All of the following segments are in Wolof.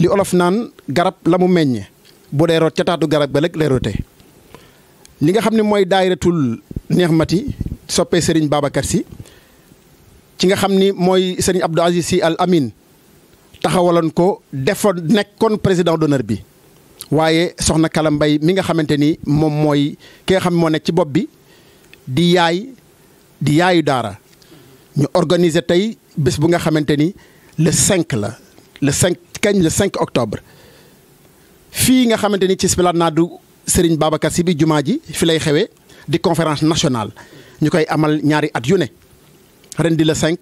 li olof naan garab la mu meññ bu dee root ca taatu garab ga rek lay li nga xam ne mooy daayiratul Nihmati soppee Serigne Babacar si ci nga xam ni mooy Serigne Abdou Aziz Sy Al Amin taxawaloon ko defoon nekkoon président d'honneur bi waaye soxna Kala Mbaye mi nga xamante ni moom mooy ki nga xam moo nekk ci bopp bi di yaay di yaayu daara ñu organiser tey bés bu nga xamante ni le 5 la le 5 kañ la 5 octobre fii nga xamante ni ci du Serigne Babacar Sy bi jumaa ji fi lay xewee di conférence nationale ñu koy amal ñaari at yu ne ren di la 5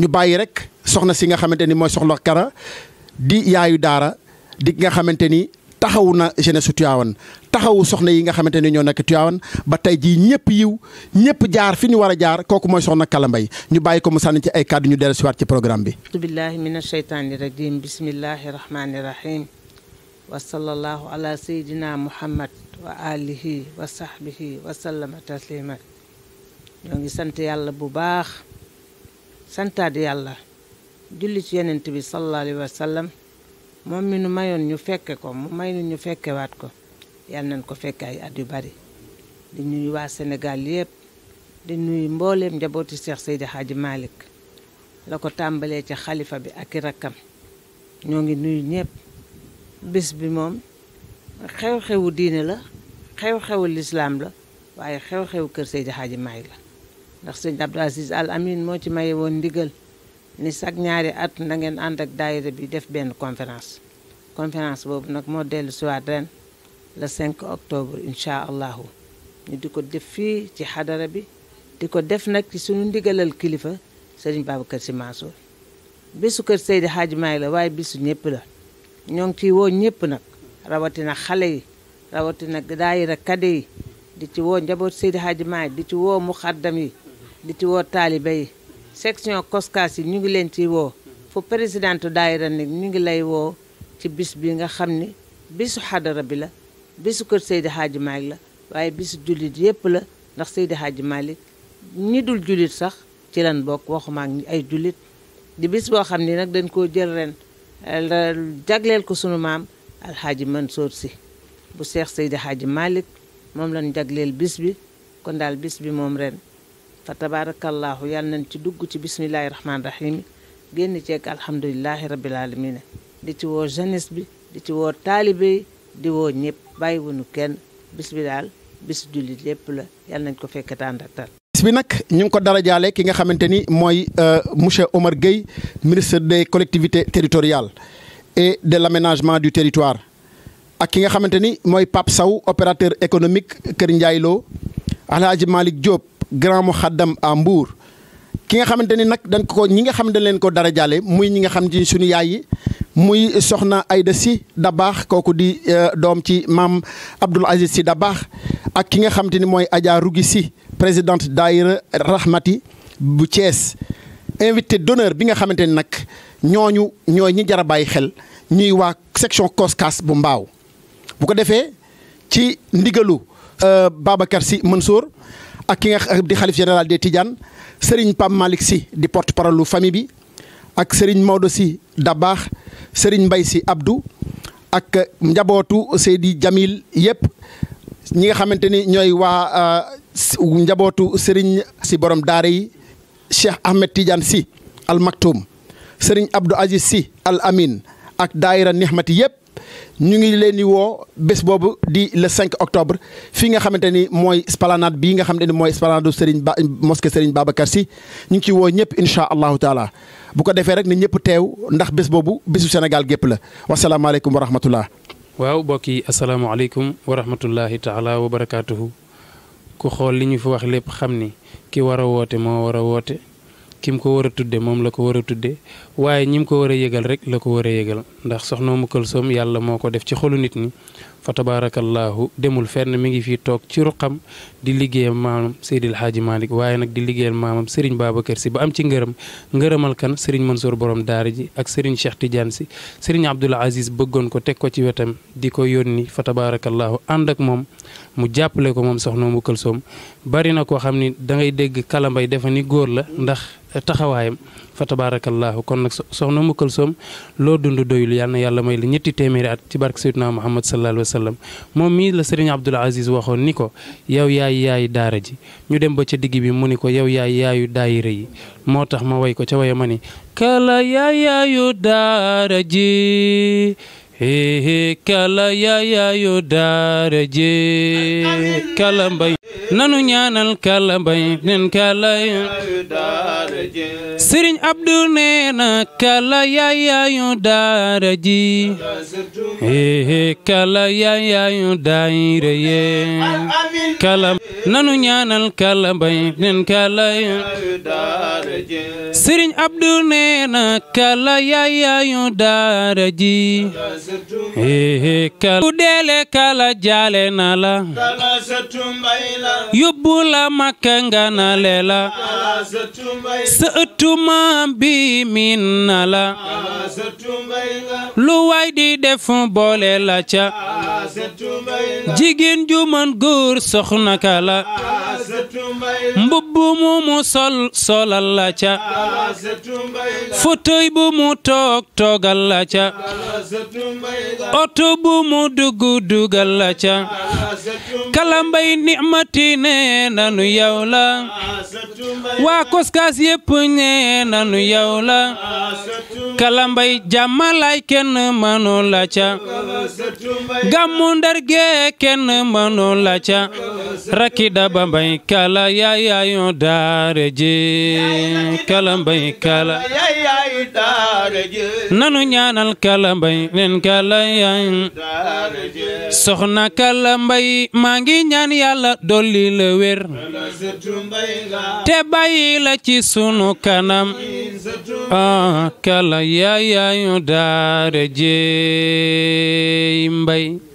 ñu bàyyi rek soxna si nga xamante ni mooy soxla kara di yaayu daara di nga xamante ni taxawu na jeunesse su taxawu soxna yi nga xamante ne ñoo nekk Tiwaawan ba tey jii ñëpp yiw ñëpp jaar fi ñu war a jaar kooku mooy soxna Kala Mbaye ñu bàyyi ko mu sànni ci ay kàddu ñu dellusiwaat ci programme bi billahi min asheytaani rajim bismillahi rahmaani rahim wa sallallahu ala sayidina muhammad wa alihi wa sahbihi wa sallama taslima ñoo ngi sant yàlla bu baax santaat yàlla julli ci yenent bi sallallahu alayhi wa sallam moom mi nu mayoon ñu fekke ko mu may nu ñu fekkewaat ko yal nañ ko fekk ay at yu bari di nuyu waa senegal yëpp di nuyu mbooleem njabooti Cheikh Seydi xaaji malik la ko tàmbalee ci xalifa bi ak i rakkam ñoo ngi nuyu ñëpp bis bi moom xew-xewu diine la xew-xewu lislaam la waaye xew xew kër Seydi Hadji Malick la ndax sëñ Abdou Aziz Al Amin moo ci maye woon ndigal ni sag ñaari at na ngeen ànd ak daayira bi def benn conférence conférence boobu nag moo dellu siwaat ren le 5 octobre incha allahu ñu di ko def fii ci xadara bi di ko def nag ci suñu ndigalal kilifa sëriñ kër Sy Mansour bésu kër Seydi Hadji Maalik la waaye bésu ñëpp la ñoo ngi ciy woo ñëpp nag rawatina xale yi rawatina daayira kade yi di ci woo njaboot Seydi Hadji Maalik di ci woo muxaddam yi di ci woo taalibe yi section koskaas yi ñu ngi leen ciy woo fu présidente daayira ni ñu ngi lay woo ci bis bi nga xam ni bisu xadara bi la bisu kër Seydi Hadji Malick la waaye bisu jullit yépp la ndax Seydi Hadji Malick ñi dul jullit sax ci lan bokk waxuma ak ay jullit di bis boo xam ni nag dañ koo jël ren jagleel ko sunu maam alxaaji Mansour si bu seex Seydi xaaji Malick moom lañ jagleel bis bi kon daal bis bi moom ren fa tabaarakallaahu yàlla nañ ci dugg ci bismillaahi rahmaani rahiim génn ceeg alhamdulilahi rabbil aalamiina di ci woo jeunesse bi di ci woo taalibe di woo ñëpp bàyyiwuñu kenn bis bi daal bis jullit lépp la yàlla nañ ko fekk tànd bis bi nag ñu ngi ko dara jaale ki nga xamante ni mooy euh, monsieur Omar Gueye ministre des collectivités territoriales et de l'aménagement du territoire ak ki nga xamante ni mooy Pape saw opérateur économique Kër Ndiaye Lo Alhaji Malick Diop grand mu muxaddam à Mbour ki nga xamante ni nag dañ ko ñi nga xam dañ leen ko dara jaale muy ñi nga xam ci suñu yaay yi muy soxna Ayda Si baax kooku di euh, doom ci maam Abdoul Aziz Si baax ak ki nga xamante ni mooy Adja Rugi Si présidente daayira Rahmati bu Thiès invité d'honneur bi nga xamante ni nag ñooñu ñooy ñi jar a bàyyi xel ñuy waa section Koskas bu Mbaaw bu ko defee ci ndigalu euh, Babacar Si soor ak ki nga di xalif général des Tidianes Serigne Pape Malick Sy di porte parole bi ak Serigne Maodo Sy Dabaax Serigne mbay si Abdou ak njabootu Seydi Jamil yëpp ñi nga xamante ni ñooy waa euh, njabootu Serigne si borom daara yi Cheikh Ahmed Tidiane Sy al Maktoum Serigne Abdou Aziz Sy al Amin ak daayira neexmati yëpp. ñu ngi leen di woo bés boobu di le 5 octobre fii nga xamante ni mooy esplanade bii nga xamante ni mooy esplanade Serigne Ba mosquée Serigne Babacar Sy ñu ngi ci woo ñëpp incha allahu taala bu ko defee rek ni ñëpp teew ndax bés boobu bésu Sénégal gépp la wasalaamaaleykum wa rahmatullah. waaw mbokk yi asalaamaaleykum wa rahmatullahi taala wa ku xool li ñu fi wax lépp xam ni ki war a woote moo war a woote. ki mu ko war a tudde moom la ko war a tudde waaye ñi ko war a yëgal rek la ko war a yëgal ndax soxna Umu soom yàlla moo ko def ci xolu nit ñi fa tabaarakallaahu demul fenn mi ngi fii toog ci ruqam di liggéeyal maamam Seydil Hadji Malick waaye nag di liggéeyal maamam Serigne Babacar Sy ba am ci ngërëm ngërëmal kan Serigne Mansour borom daara ji ak Serigne Cheikh Tidiane Sy Serigne Abdoul Aziz bëggoon ko teg ko ci wetam di ko yónni fa tabaarakallaahu ànd ak moom mu jàppale ko moom soxna mu këlsoom bari na koo xam ni dangay dégg kalambay defa ni góor la ndax taxawaayam fa tabaarakallaahu kon nag soxna mu këlsoom loo dund doyul yàlla na yàlla may la ñetti téeméeri at ci barke Seydina sallam moom mii la sëriñ Abdul Aziz waxoon ni ko yow yaay yaayu daara ji ñu dem ba ca digg bi mu ni ko yow yaay yaayu daayira yi moo tax ma way ko ca waya ma ni kala yaay yaayu daara ji kala yaay yaayu daara ji kala mbay nanu ñaanal kala mbay nen kala sëriñ Abdu nee na kala yaayaayu daara ji eh kala yaayaayu daayira yee kala nanu ñaanal kala bay nen kala sëriñ Abdu nee na kala ji eh kala ku deele kala jaale na la yóbbu la makka nga na lela sa ëttu maam bi miin na la lu waay di def boole la ca jigéen ju mën góor soxna ka la mbubb mu mu sol la ca fauteuil bu mu toog toogal la ca oto bu mu dugg dugal la ca kalambay ni'mati nee nanu yow la waa koskaas yépp nee nanu yow la kalambay jàmmalaay kenn manu la ca gàmmu ndarge kenn manu la ca rakida bambay kala yayayo daare je kala mbay kala nanu ñaanal kala mbay len kala yaay soxna kala mbay maa ngi ñaan yàlla dolli la wér te bàyyi la ci sunu kanam ah kala yayayo daare je mbay